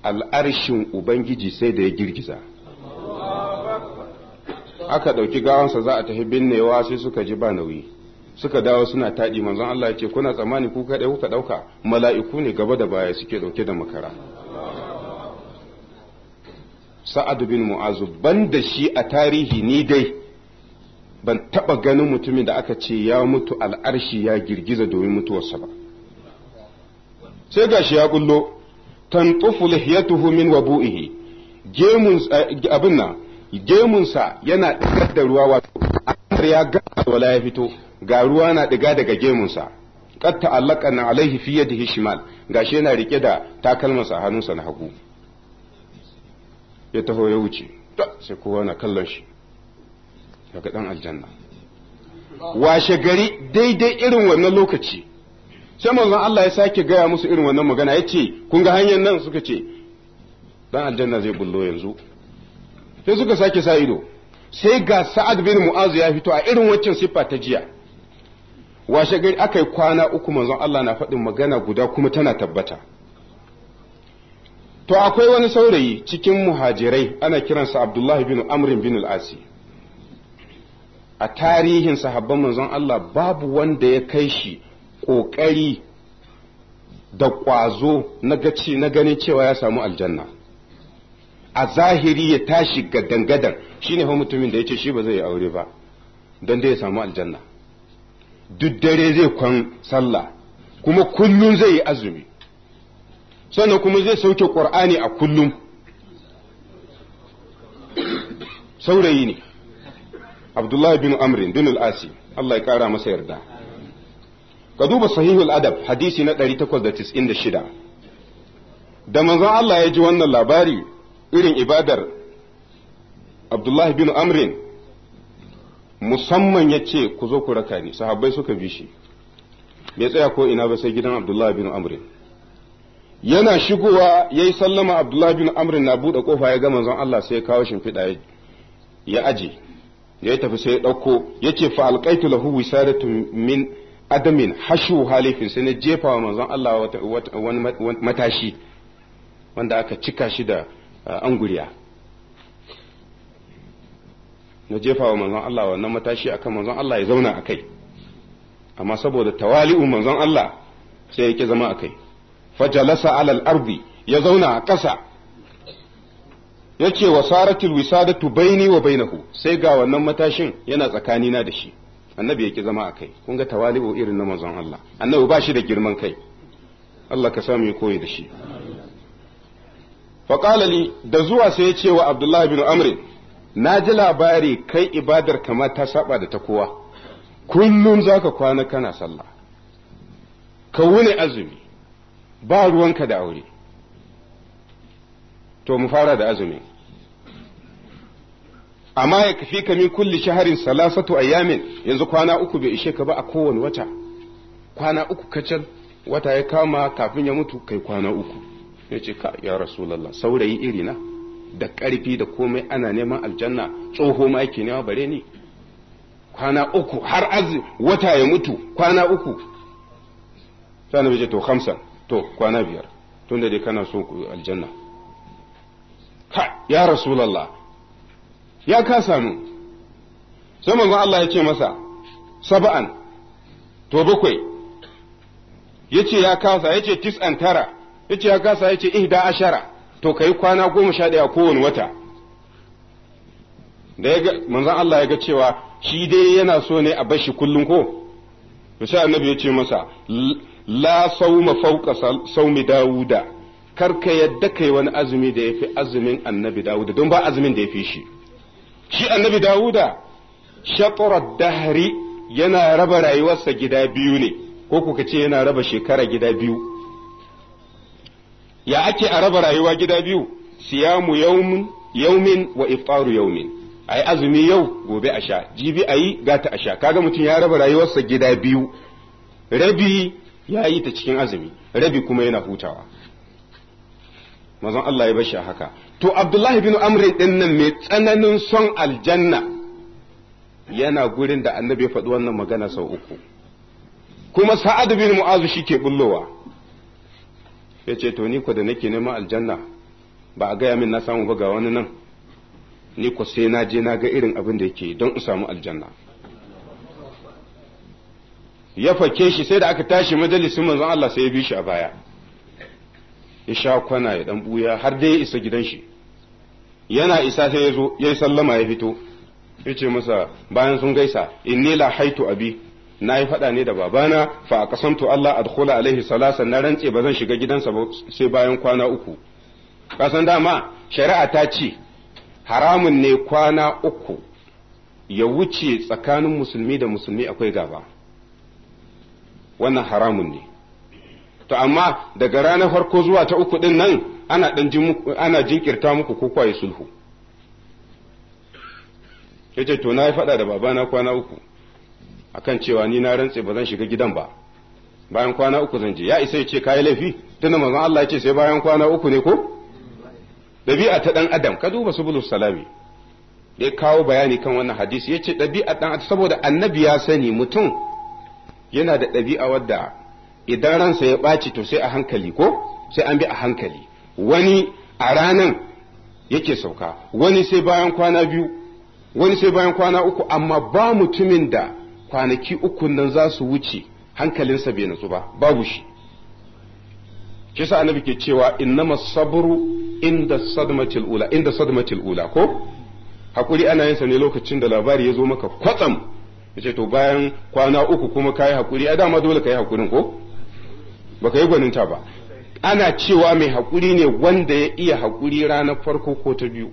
al'arshin ubangiji sai da ya girgiza aka ɗauki gawansa za a tafi binnewa sai suka ji ba nauyi suka dawo suna taɗi manzon Allah ya ce kuna tsammani ku kaɗai kuka ɗauka mala'iku ne gaba da baya suke ɗauke da makara sa'ad bin mu'azu ban da shi a tarihi ni dai ban taɓa ganin mutumin da aka ce ya mutu al'arshi ya girgiza domin mutuwarsa ba sai gashi ya bullo tantufu lihiyatuhu min wa gemun eh, abin na gemunsa yana ɗigar da ruwa wato ya ga wala ya fito ga ruwa na ɗiga daga gemunsa qad na alaihi da yadihi shimal gashi yana rike da takalmansa hannunsa na hagu ya taho ya wuce sai kowa na kallon shi daga dan aljanna washe gari daidai irin wannan lokaci sai manzon Allah ya sake gaya musu irin wannan magana yace ce kun ga hanyar nan suka ce dan aljanna zai bullo yanzu sai suka sake sa ido sai ga sa'ad bin mu'azu ya fito a irin waccan siffa ta jiya washe gari aka kwana uku manzon Allah na faɗin magana guda kuma tana tabbata to akwai wani saurayi cikin muhajirai ana kiransa abdullahi bin amrin bin al'asi a tarihin sahabban manzon Allah babu wanda ya kai shi ƙoƙari da ƙwazo na ganin cewa ya samu aljanna a zahiri ya tashi gadangadan shine fa mutumin da ya ce shi ba zai yi aure ba don da ya samu aljanna duk dare zai kwan sallah kuma kullum zai yi azumi sannan kuma zai sauke ƙur'ani a kullum saurayi ne abdullahi bin amrin bin al'asi Allah ya ƙara masa yarda ka duba sahihul adab hadisi na 896 da manzon Allah ya ji wannan labari irin ibadar abdullahi bin amrin musamman ya ce ku zo ku raka ni sahabbai suka bi shi bai tsaya ko ina ba sai gidan abdullahi bin amrin yana shigowa ya yi sallama abdullahi bin amrin na buɗe ƙofa ya ga manzon Allah sai ya kawo shimfiɗa ya aje ya tafi sai ya ɗauko ya ce fa alƙaitu lahu min adamin hashu halifin sai na jefa wa manzon Allah wani matashi wanda aka cika shi da anguriya na jefa wa manzon Allah wannan matashi akan manzon Allah ya zauna a kai amma saboda tawali'u manzon Allah sai ya ki zama a kai fajalasa alal ardi ya zauna a ƙasa yace wa saratil wisadatu baini wa bainahu sai ga wannan matashin yana tsakanina da shi annabi yake zama a kai kun ga tawali'u irin na manzon Allah annabi ba shi da girman kai Allah ka samu ya koyi da shi faƙala li da zuwa sai ya ce wa abdullahi bin amrin na ji labari kai ibadar kamar ta saba da ta kowa kullum za ka kwana kana sallah ka wuni azumi ba ruwanka da aure to mu fara da azumi amma ya kafi ka min kulli shaharin salasatu ayyamin yanzu kwana uku bai ishe ka ba a kowane wata kwana uku kacal wata ya kama kafin ya mutu kai kwana uku ya ce ka ya rasulallah saurayi irina da ƙarfi da komai ana neman aljanna tsoho ma yake nema bare ni kwana uku har azi wata ya mutu kwana uku sai to hamsan to kwana biyar tun da dai kana so ku aljanna ka ya rasulullah ya ka samu sai manzon Allah ya ce masa saba'an to bakwai yace ya kasa yace tis'an tara yace ya kasa yace ihda ashara to kai kwana goma sha daya kowane wata da ya ga manzon Allah ya ga cewa shi dai yana so ne a bar shi kullun ko to sai annabi ya ce masa la sauma fauka saumi dawuda kar ka yadda kai wani azumi da yafi azumin annabi dawuda don ba azumin da fi shi shi annabi dawuda shatarar dahari yana raba rayuwarsa gida biyu ne ko kuka ce yana raba shekara gida biyu ya ake a raba rayuwa gida biyu siyamu yaumin yaumin wa iftaru yaumin a yi azumi yau gobe a sha jibi a yi gata a sha kaga mutum ya raba rayuwarsa gida biyu rabi ya yi ta cikin azumi rabi kuma yana hutawa mazan Allah ya bashi haka to Abdullahi bin amri din nan mai tsananin son aljanna yana gurin da annabi ya faɗi wannan magana sau uku kuma Sa'ad bin Mu'azu ke bullowa yace to ni ko da nake neman aljanna ba a gaya min na samu ba ga wani nan ni sai na je na ga irin abin da yake don in samu aljanna ya fake shi sai da aka tashi majalisin manzon Allah sai ya bi shi a baya ya sha kwana ya dan buya har dai ya isa gidan shi yana isa sai ya zo ya yi sallama ya fito ya ce masa bayan sun gaisa inni la haitu abi na yi faɗa ne da babana fa a kasamtu Allah adkhula alaihi salasa na rantse ba zan shiga gidansa ba sai bayan kwana uku kasan dama shari'a ta ce haramun ne kwana uku ya wuce tsakanin musulmi da musulmi akwai gaba wannan haramun ne to amma daga ranar farko zuwa ta uku din nan ana jinkirta muku ko kwaye sulhu Ya ce to na yi fada da babana kwana uku akan cewa ni na rantse ba zan shiga gidan ba bayan kwana uku zan je ya isa ya ce kayi laifi tunda manzon Allah ya ce sai bayan kwana uku ne ko dabi'a ta dan adam ka duba subulus salami ya kawo bayani kan wannan hadisi ya ce ɗabi'a ɗan saboda annabi ya sani mutum yana da ɗabi'a wadda idan ransa ya ɓaci to sai a hankali ko sai an bi a hankali wani a ranan yake sauka wani sai bayan kwana biyu wani sai bayan kwana uku amma ba mutumin da kwanaki uku nan za su wuce hankalinsa bai natsu ba babu shi ke sa annabi ke cewa innama sabru inda sadmatil ula inda sadmatil ula ko hakuri ana yin sa ne lokacin da labari ya zo maka kwatsam yace to bayan kwana uku kuma kai hakuri a dama dole kai hakurin ko baka yi gwaninta ba ana cewa mai hakuri ne wanda ya iya hakuri ranar farko ko ta biyu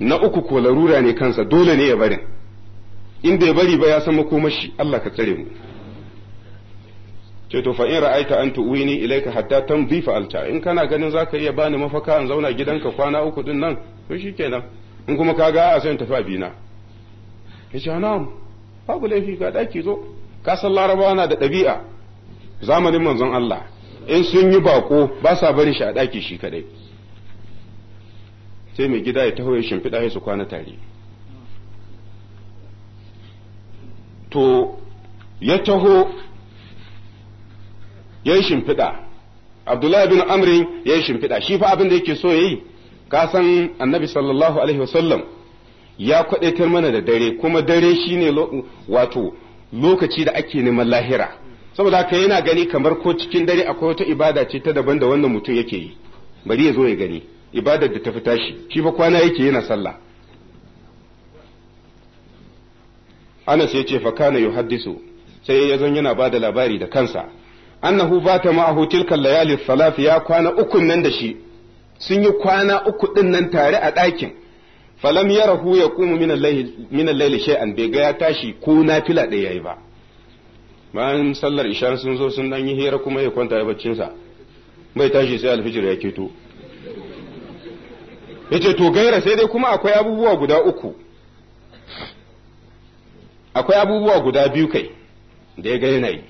na uku ko larura ne kansa dole ne ya bari inda ya bari ba ya san makomashi Allah ka tsare mu ce to fa in ra'aita an tuwini ilaika hatta tamdi alta in kana ganin zaka iya bani mafaka in zauna gidanka kwana uku din nan to shikenan in kuma kaga a san tafi abina ya ce na babu laifi ga daki zo ka san laraba na da ɗabi'a zamanin manzon Allah in sun yi bako ba sa barin shi a daki shi kadai sai mai gida ya taho ya shimfiɗa ya su kwana tare to ya taho ya yi shimfiɗa abdullahi bin amrin ya yi shimfiɗa shi fa abin da yake so ya yi ka san annabi sallallahu alaihi wasallam ya kwadaitar mana da dare kuma dare shine wato lokaci da ake neman lahira saboda haka yana gani kamar ko cikin dare akwai wata ibada ce ta daban da wannan mutum yake yi bari ya zo ya gani ibadar da ta fi tashi shi fa kwana yake yana sallah ana ya ce fa kana yuhaddisu sai ya zan yana ba da labari da kansa annahu fata ma'ahu tilka layali salaf ya kwana ukun nan da shi sun yi kwana uku din nan tare a ɗakin falam ya ya min minan layl shay'an bai ga ya tashi ko na nafila da yi ba bayan sallar isha sun zo sun dan yi hira kuma ya kwanta ya baccinsa bai tashi sai alfijir ya keto yace to gaira sai dai kuma akwai abubuwa guda uku akwai abubuwa guda biyu kai da ya ga yi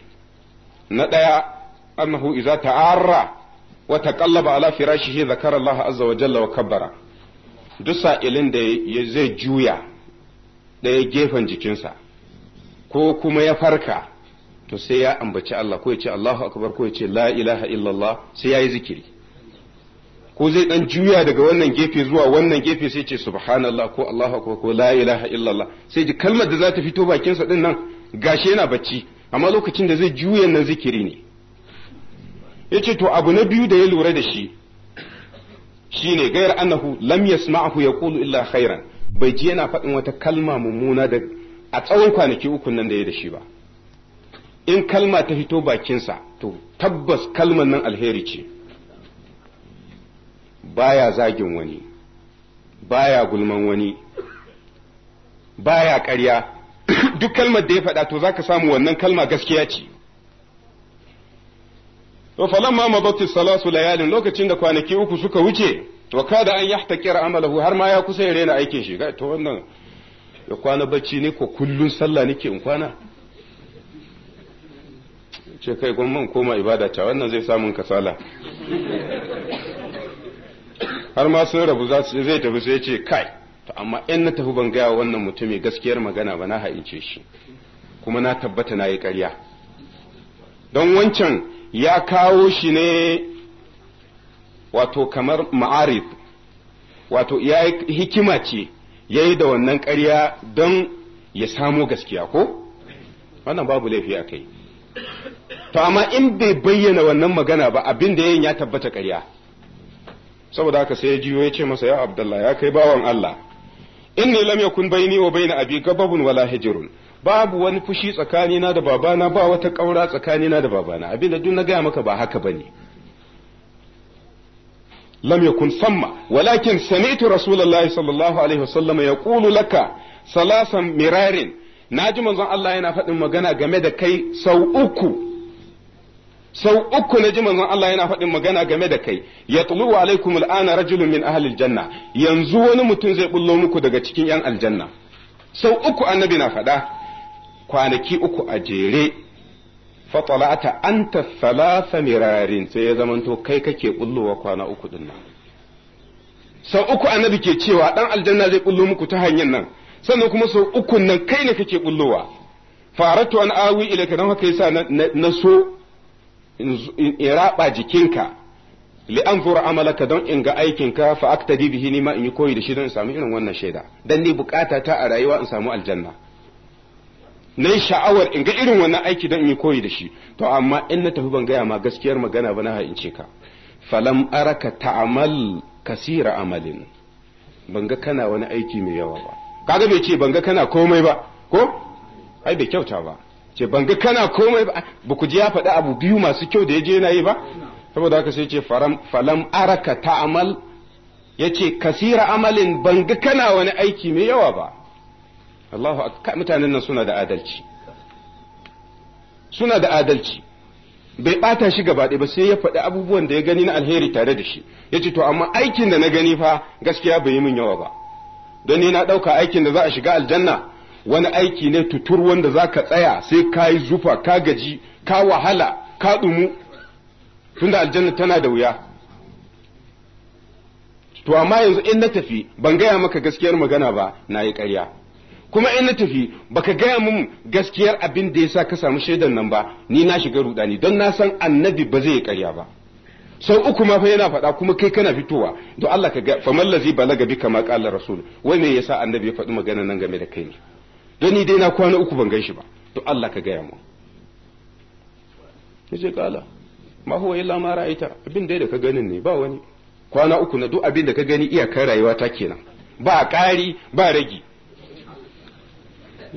na ɗaya annahu iza ta'arra wa taqallaba ala firashihi zakara Allah azza jalla wa kabbara duk sa'ilin da ya zai juya ɗaya gefen jikinsa ko kuma ya farka to sai ya ambaci Allah ko ya ce Allahu akbar ko ya ce la ilaha illallah sai ya yi zikiri ko zai dan juya daga wannan gefe zuwa wannan gefe sai ce subhanallah ko Allahu akbar ko la ilaha illallah sai ji kalmar da za ta fito bakinsa din nan gashi yana bacci amma lokacin da zai juya nan zikiri ne yace to abu na biyu da ya lura da shi Shi ne gayar annahu lam ya yaqulu illa khairan bai ji yana faɗin wata kalma mummuna da a tsawon kwanaki uku nan da ya da shi ba in kalma ta fito bakinsa to tabbas kalman nan alheri ce baya zagin wani baya gulman wani baya ƙarya duk kalmar da ya faɗa to zaka samu wannan kalma gaskiya ce to ma madatti salasu layalin lokacin da kwanaki uku suka wuce to kada an yahtakir amalahu har ma ya kusa ya na aikin shi to wannan ya kwana bacci ne ko kullun sallah nake in kwana ce kai gwamnan koma ibada ta wannan zai samun kasala har ma sun rabu zai tafi sai ce kai to amma in na tafi ban gaya wannan mutumi gaskiyar magana ba na ha'ince shi kuma na tabbata na yi ƙarya don wancan ya kawo shi ne wato kamar ma'arif wato ya hikima ce ya yi da wannan ƙarya don ya samo gaskiya ko wannan babu laifi a kai to amma in bai bayyana wannan magana ba abin da yin ya tabbata ƙarya saboda haka sai ya jiyo ya ce masa ya abdallah ya kai bawan allah inni lam yakun baini wa baina abi gababun wala hijrun babu wani fushi tsakanina da babana ba wata ƙaura tsakanina da babana abinda duk na gaya maka ba haka ba ne. يكن ثم ولكن سمعت رسول الله صلى الله عليه وسلم يقول لك mirarin مرار ناجي Allah yana faɗin magana game da kai sau uku sau uku naji manzon Allah yana faɗin magana game da kai yatlu alaikum al'ana rajulun min ahli aljanna yanzu wani mutum zai bullo muku daga cikin yan aljanna sau uku annabi na faɗa kwanaki uku a jere fatalata ta salasa mirarin sai ya zamanto kai kake bullowa kwana uku din nan sau uku annabi ke cewa dan aljanna zai bullo muku ta hanyar nan sannan kuma sau uku nan kai ne kake bullowa faratu an awi ila kana haka yasa na so in raba jikinka li anzura amalaka don in ga aikinka fa aktadi bihi nima in yi koyi da shi don in samu irin wannan shaida dan ni bukata ta a rayuwa in samu aljanna na yi sha'awar in ga irin wannan aiki don yi koyi da shi to amma in na tafi ban gaya ma gaskiyar magana ba na in ce ka falam araka ta'amal kasira amalin ban ga kana wani aiki mai yawa ba kaga bai ce ban ga kana komai ba ko ai bai kyauta ba ce ban ga kana komai ba ba ku je ya faɗi abu biyu masu kyau da ya je yana yi ba saboda haka sai ce falam araka ta'amal ya ce kasira amalin ban ga kana wani aiki mai yawa ba Allahu mutanen nan suna da adalci suna da adalci bai bata shi gaba ɗaya ba sai ya faɗi abubuwan da ya gani na alheri tare da shi ya ce to amma aikin da na gani fa gaskiya bai yi min yawa ba don ni na ɗauka aikin da za a shiga aljanna wani aiki ne tutur wanda za ka tsaya sai ka yi zufa ka gaji ka wahala ka ɗumu tunda aljanna tana da wuya to amma yanzu in na tafi ban gaya maka gaskiyar magana ba na yi ƙarya kuma in na tafi baka gaya mun gaskiyar abin da yasa ka samu shaidan nan ba ni na shiga rudani don na san annabi ba zai karya ba sau uku ma fa yana faɗa kuma kai kana fitowa don Allah ka ga fa mallazi balaga bi kama qala rasul wai me yasa annabi ya faɗi magana nan game da kai ne don ni dai na kwana uku ban gan shi ba to Allah ka gaya mu yace kala ma huwa illa ma ra'aita abin dai da ka ganin ne ba wani kwana uku na duk abin da ka gani iyakar rayuwa ta kenan ba ƙari ba ragi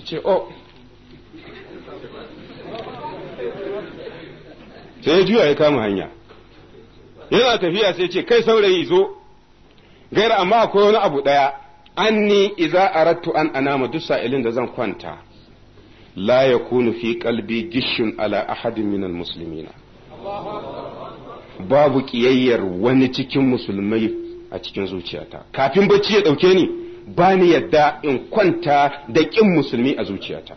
ce o oh. sai ya juya ya kama hanya yana tafiya sai ce kai saurayi zo gaira amma akwai wani abu ɗaya anni iza arattu an anama duk sa'ilin da zan kwanta la yakunu fi qalbi gishun ala ahadin minal muslimina babu kiyayyar wani cikin musulmai a cikin zuciyata kafin bacci ya ɗauke ni ba ni yadda in kwanta da ƙin musulmi a zuciyata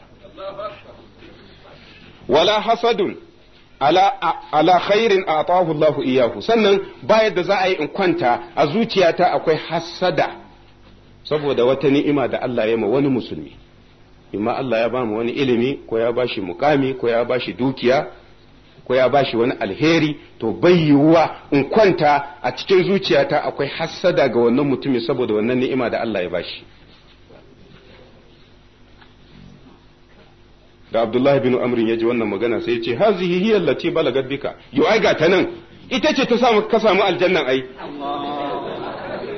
wala hasadun ala khairin a Allahu iyahu sannan ba yadda za a yi in kwanta a zuciyata akwai hasada saboda wata ni'ima da Allah ya ma wani musulmi imma Allah ya ba mu wani ilimi ko ya ba shi mukami ko ya ba shi dukiya ko ya ba shi wani alheri to bai yiwuwa in kwanta a cikin zuciyata akwai hassada ga wannan mutumin saboda wannan ni'ima da Allah ya bashi da Abdullahi bin Amrin ya ji wannan magana sai ya ce hazihi hiya allati balagat bika yo ai ga ta nan ita ce ta samu ka samu aljannan ai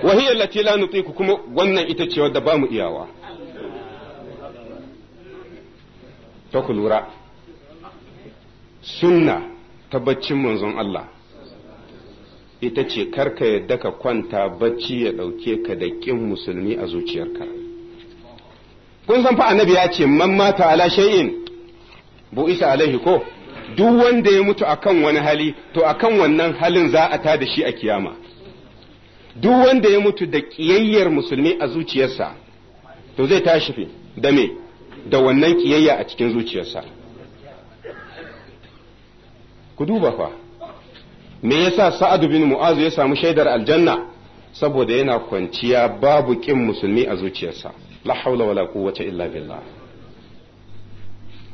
wa hiya allati la nutiku kuma wannan ita ce wadda ba mu iyawa ta ku lura sunna ta baccin manzon Allah ita ce karka yadda ka kwanta bacci ya ɗauke ka da ƙin musulmi a zuciyarka kun san fa annabi ya ce man mata ala shay'in bu isa alaihi ko duk wanda ya mutu akan wani hali to akan wannan halin za a ta da shi a kiyama duk wanda ya mutu da ƙiyayyar musulmi a zuciyarsa to zai tashi da me da wannan ƙiyayya a cikin zuciyarsa ku duba fa me yasa sa'ad bin mu'az ya samu shaidar aljanna saboda yana kwanciya babu kin musulmi a zuciyarsa la haula wala quwwata illa billah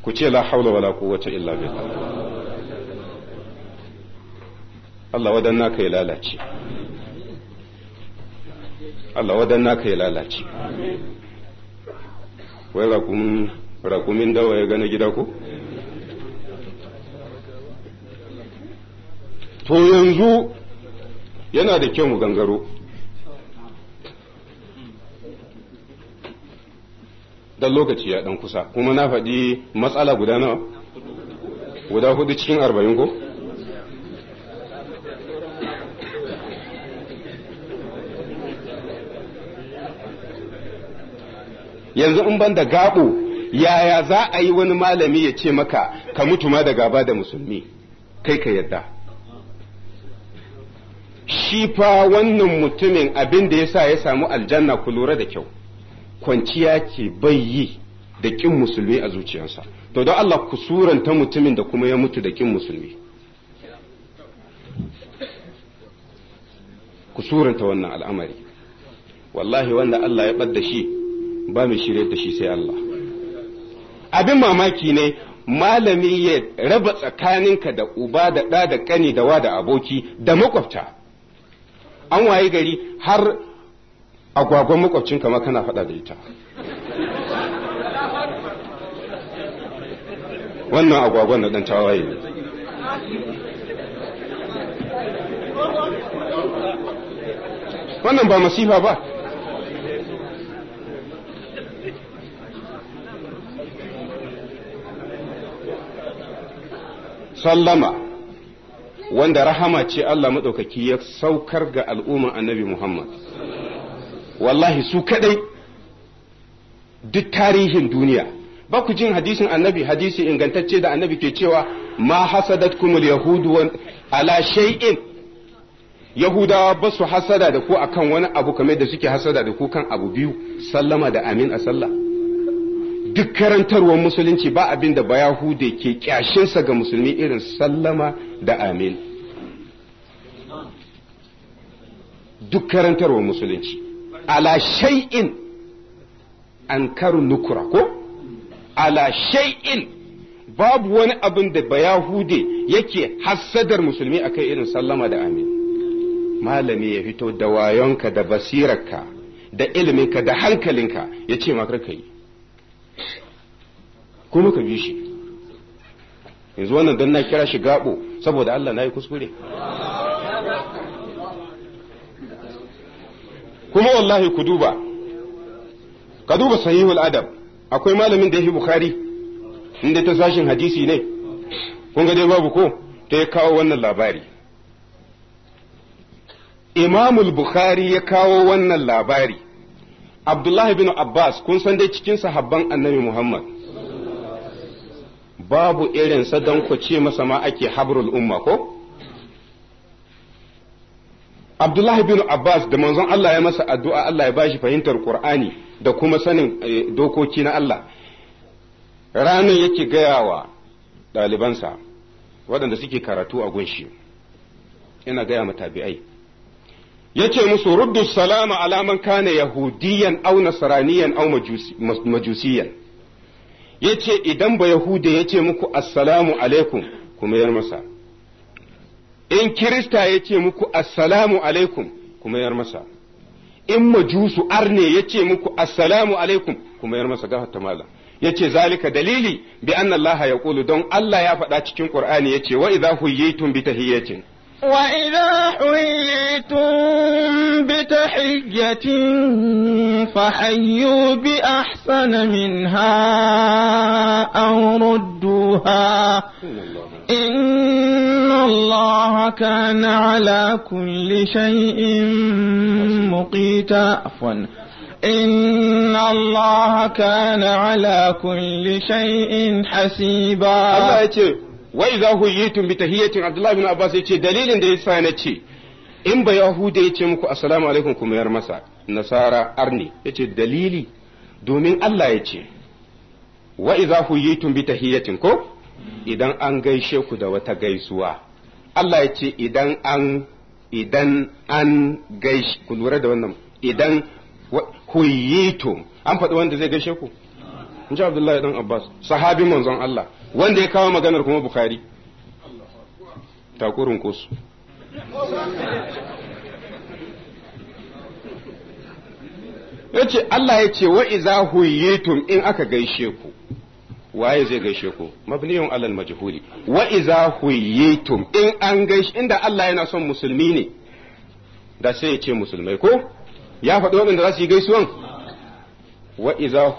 ku ce la haula wala quwwata illa billah Allah wadanna kai lalace Allah wadanna kai lalace wai rakumin rakumin dawa ya gani gida ko to yanzu yana da kyau mu gangaro dan lokaci ya dan kusa kuma na faɗi matsala guda nawa guda hudu cikin arba'in ko yanzu in ban da gabo yaya za a yi wani malami ya ce maka ka mutu ma da gaba da musulmi kai ka yadda shi fa wannan mutumin abin da ya sa ya samu aljanna ku lura da kyau kwanciya ke bai yi da ƙin musulmi a zuciyarsa to don Allah ku suranta mutumin da kuma ya mutu da ƙin musulmi ku suranta wannan al'amari wallahi wanda Allah ya ɓadda shi ba mai shirye da shi sai Allah abin mamaki ne malami ya raba tsakaninka da uba da ɗa da ƙani da wa da aboki da makwabta an waye gari har agwagwan makwabcin ma kana faɗa da ita wannan agwagwan na ɗan tawaye ne wannan ba masifa ba sallama wanda rahama ce Allah maɗaukaki ya saukar ga al'umma annabi Muhammad. Wallahi su kaɗai duk tarihin duniya, ba ku jin hadisin annabi hadisi ingantacce da annabi ke cewa ma hasadat kumul yahudu ala shay'in Yahudawa ba su hasada da ku akan wani abu kamar da suke hasada da ku kan abu biyu sallama da amin a sallah. Duk karantarwar musulunci ba abin da ba ke ke kyashinsa ga musulmi irin sallama da amin duk karantarwa musulunci ala shay'in karu nukura ko ala shay'in babu wani abin da bayahude yake hassadar musulmi akai irin sallama da amin malami ya fito da wayonka da basirarka da iliminka da hankalinka ya ce makar yi kuma ka bi shi yanzu wannan don na kira shi gabo saboda Allah na yi kuskure kuma wallahi ku duba ka duba sahihul adab akwai malamin da ya fi bukhari inda ta sashin hadisi ne kun ga dai babu ko ta ya kawo wannan labari imamul bukhari ya kawo wannan labari abdullahi bin abbas kun san dai cikin sahabban annabi muhammad babu irinsa don ku ce masa ma ake habrul umma ko? Abdullahi bin Abbas da manzon Allah ya masa addu'a Allah ya bashi fahimtar Qur'ani da kuma sanin eh, dokoki na Allah. Ranar yake gayawa ɗalibansa waɗanda suke karatu a gunshi, Ina gaya matabi'ai. ya musu ruddu salama alaman kane yahudiyan au nasraniyan au majusiyan. yace idan ba yahuda ce muku assalamu alaikum ku mayar masa in kirista ya ce muku assalamu alaikum ku mayar masa in majusu arne ya ce muku assalamu alaikum ku mayar masa gafata malam yace zalika dalili bi anna Allah ya don Allah ya faɗa cikin wai yace wa idza huyyitum bi tahiyyatin وإذا حييتم بتحية فحيوا بأحسن منها أو ردوها إن الله كان على كل شيء مقيتا عفوا إن الله كان على كل شيء حسيبا wa idza huyitum bi tahiyatin abdullahi ibn abbas yace dalilin da yasa na ce in ba yahuda yace muku assalamu alaikum kuma yar masa nasara arni yace dalili domin Allah yace wa idza huyitum bi tahiyatin ko idan an gaishe ku da wata gaisuwa Allah yace idan an idan an gaishe ku lura da wannan idan huyitum an faɗi wanda zai gaishe ku in ji Abdullahi dan Abbas sahabi manzon Allah wanda ya kawo maganar kuma Bukhari takurin kosu yace Allah ya ce ku yi huyitum in aka gaishe ku waye zai gaishe ku mabniyun alal majhuli ku yi huyitum in an gaishe inda Allah yana son musulmi ne da sai ya ce musulmai ko ya faɗi waɗanda za su yi gaisuwan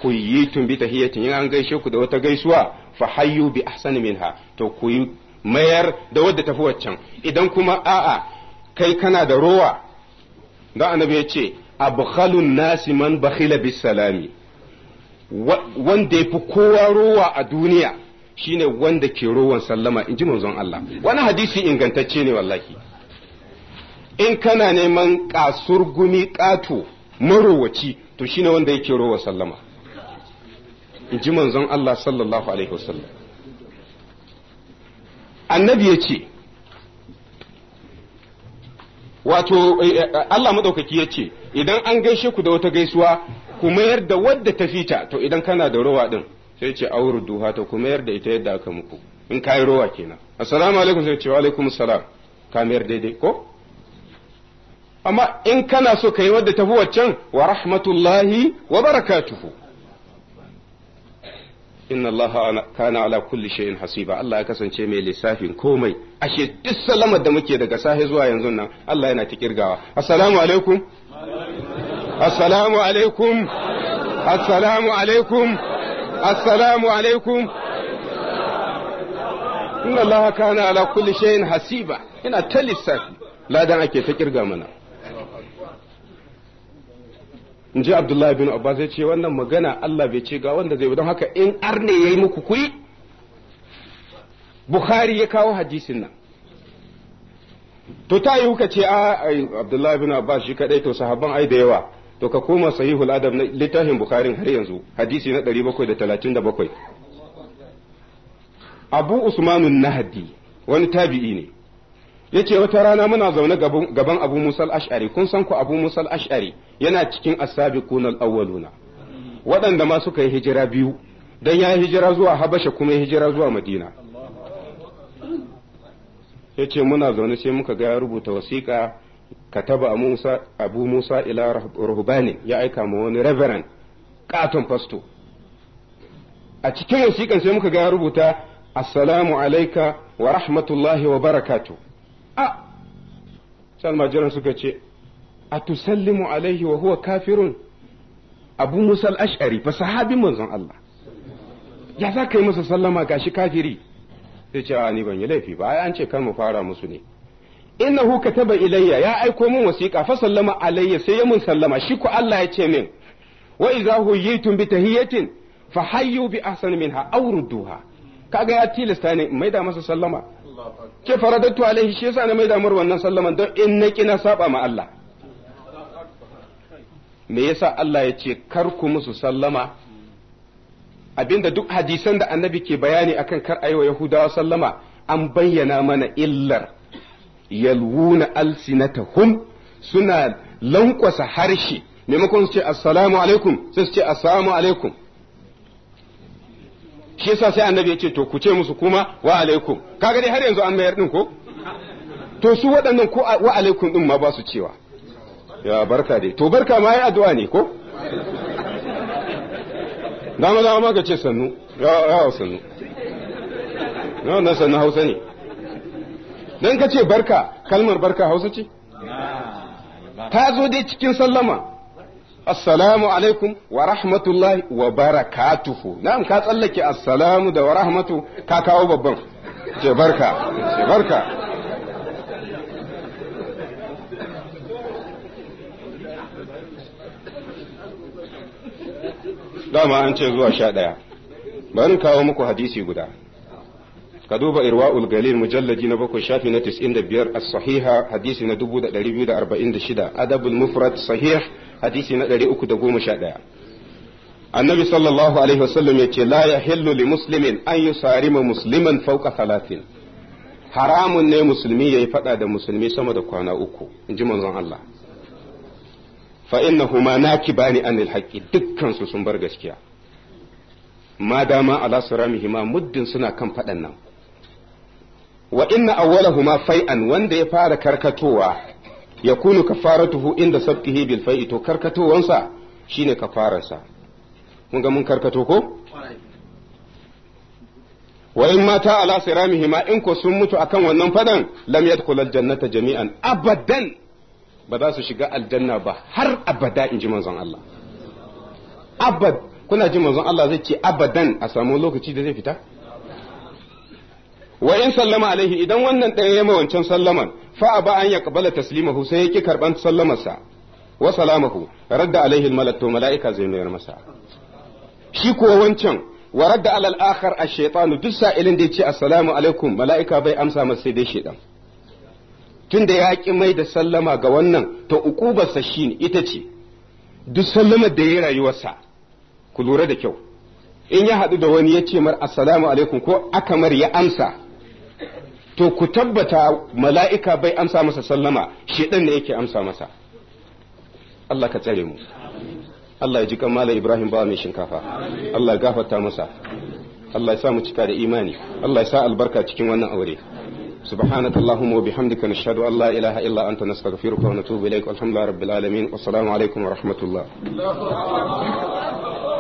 ku yi huyitum bi tahiyatin in an gaishe ku da wata gaisuwa fa hayyu bi ahsani minha to ku yi mayar da wadda tafi waccan idan kuma a'a kai kana da rowa don annabi yace abkhalun nasi man bakhila bis salami wanda yafi kowa rowa a duniya shine wanda ke ruwan sallama in ji manzon Allah wani hadisi ingantacce ne wallahi in kana neman kasur kato marowaci to shine wanda yake rowa sallama in ji manzon Allah sallallahu alaihi wasallam annabi ya ce wato eh, eh, Allah madaukaki ya ce idan an gaishe ku da wata gaisuwa ku mayar da wadda ta fita to idan kana da rowa din sai ce auru duha to ku mayar da ita yadda aka muku in kai rowa kenan assalamu alaikum sai ce wa alaikum salam ka mayar daidai ko amma in kana so ka yi wadda tafi waccan wa rahmatullahi wa barakatuhu inna allaha kana ala kulli shay'in hasiba Allah ya kasance mai lissafin komai ashe duk salamar da muke daga sahi zuwa yanzu nan Allah yana ta kirgawa assalamu alaikum assalamu alaikum assalamu alaikum assalamu alaikum inna allaha kana ala kulli shay'in hasiba ina ta lissafi ladan ake ta kirga mana in ji abdullahi bin abbas zai ce wannan magana allah bai ce ga wanda zai don haka in arne ya yi muku kuri. bukhari ya kawo hadisin nan to ta yi kuka ce a abdullahi bin abbas shi kadai to sahabban ai da yawa to ka koma sahihul adar na littafin Bukhari har yanzu hadisi na 737 abu usmanun nahdi wani tabi'i ne yace wata rana muna zaune gaban abu musal ash'ari kun san ku abu musal ash'ari yana cikin as-sabiquna al-awwaluna waɗanda ma suka yi hijira biyu dan ya hijira zuwa Habasha kuma ya hijira zuwa Madina yace muna zaune sai muka ga ya rubuta wasiƙa kataba Musa Abu Musa ila ruhbani ya aika ma wani reverend katon fasto a cikin wasiƙan sai muka ga ya rubuta assalamu alaika wa rahmatullahi wa barakatu a ah! salmajiran suka ce a tusallimu alaihi wa huwa kafirun abu musal ash'ari fa sahabin manzon Allah ya za ka yi masa sallama gashi kafiri sai ce a ni laifi ba ai an ce kar mu fara musu ne innahu kataba ilayya ya aiko min wasiqa fa sallama alayya sai ya mun sallama shi ko Allah ya ce min wa idza huyitum bi tahiyatin fa hayyu bi ahsani minha aw rudduha kaga ya tilasta ne maida masa sallama ke faradatu alaihi shi yasa na mai damar wannan sallaman don in na kina saba ma Allah me yasa Allah ya ce kar ku musu sallama abinda duk hadisan da annabi ke bayani akan kar a wa yahudawa sallama an bayyana mana illar yalwuna alsinatahum suna lankwasa harshe maimakon su ce assalamu alaikum sai su ce assalamu alaikum shi yasa sai annabi ya ce to ku ce musu kuma wa alaikum kaga dai har yanzu an mayar din ko to su waɗannan ko wa alaikum din ma ba su cewa ya barka dai to barka ma ya addu'a ne ko dama dama ka ce sannu ya sannu na sannu hausa ne don ka ce barka kalmar barka hausa ce ta zo dai cikin sallama assalamu alaikum wa rahmatullahi wa barakatuhu na'am ka tsallake assalamu da wa rahmatu ka kawo babban ce barka ce barka dama an ce zuwa sha ɗaya bari kawo muku hadisi guda ka duba irwa'ul galil mujalladi na bakwai shafi na tis'in da biyar a sahiha hadisi na dubu da ɗari biyu da arba'in da shida adabul mufrad sahih hadisi na ɗari uku da goma sha ɗaya annabi sallallahu alaihi wasallam ya ce la yahillu li muslimin an sarima musliman fauka thalathin haramun ne musulmi ya yi fada da musulmi sama da kwana uku in ji manzon Allah huma innahuma nakibani anil haqqi dukkan su sun bar gaskiya ma dama ala siramihima muddin suna kan faɗan nan wa inna awwalahuma fai'an wanda ya fara karkatowa ya yakunu kafaratuhu inda sabqihi bil fai'i to karkatowansa shine kafararsa mun ga mun karkato ko wa in mata ala siramihima in ko sun mutu akan wannan fadan lam yadkhul jannata jami'an abadan ba za su shiga aljanna ba har abada in ji manzon Allah abad kuna ji manzon Allah zai ce abadan a samu lokaci da zai fita wa in sallama alaihi idan wannan ɗaya ya mawancan sallaman fa ba an ya kabala taslimahu sai ya ki karban sallamarsa wa salamahu radda alaihi malak mala'ika zai mayar masa shi ko wancan wa radda alal akhar ash-shaytanu duk sa'ilin da ya ce assalamu alaikum mala'ika bai amsa masa sai dai shaytan tun da ya ƙi mai da sallama ga wannan ta uƙubarsa shi ita ce duk sallamar da ya rayuwarsa ku lura da kyau in ya haɗu da wani ya ce mar assalamu alaikum ko akamar ya amsa to ku tabbata mala'ika bai amsa masa sallama shedan ne yake amsa masa Allah ka tsare mu Allah ya ji kan Ibrahim ba mai shinkafa Allah ya gafarta masa Allah ya sa mu cika da imani Allah ya sa albarka cikin wannan aure سبحانك اللهم وبحمدك نشهد أن لا إله إلا أنت نستغفرك ونتوب إليك والحمد لله رب العالمين والسلام عليكم ورحمة الله